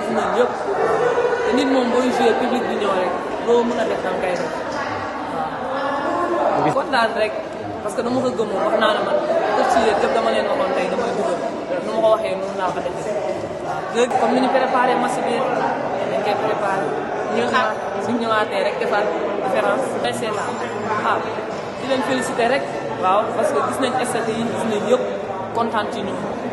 gis nañ yëpp te nit moom booy joué public bi ñëw rek loo mën a def da nga koy def waaw. rek parce que dama ko gëmoon wax naa ne man def ci yéen yëpp dama leen waxoon tey damay dugal ko waxee noonu laa ko defee waaw léegi comme ni ñu ah. ñëwaatee rek defal différence. c'est là waaw di waaw parce que gis nañ stade yi yëpp kontaan ci ñoom.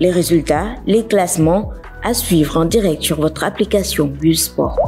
les résultats, les classements à suivre en direct sur votre application Bullsport.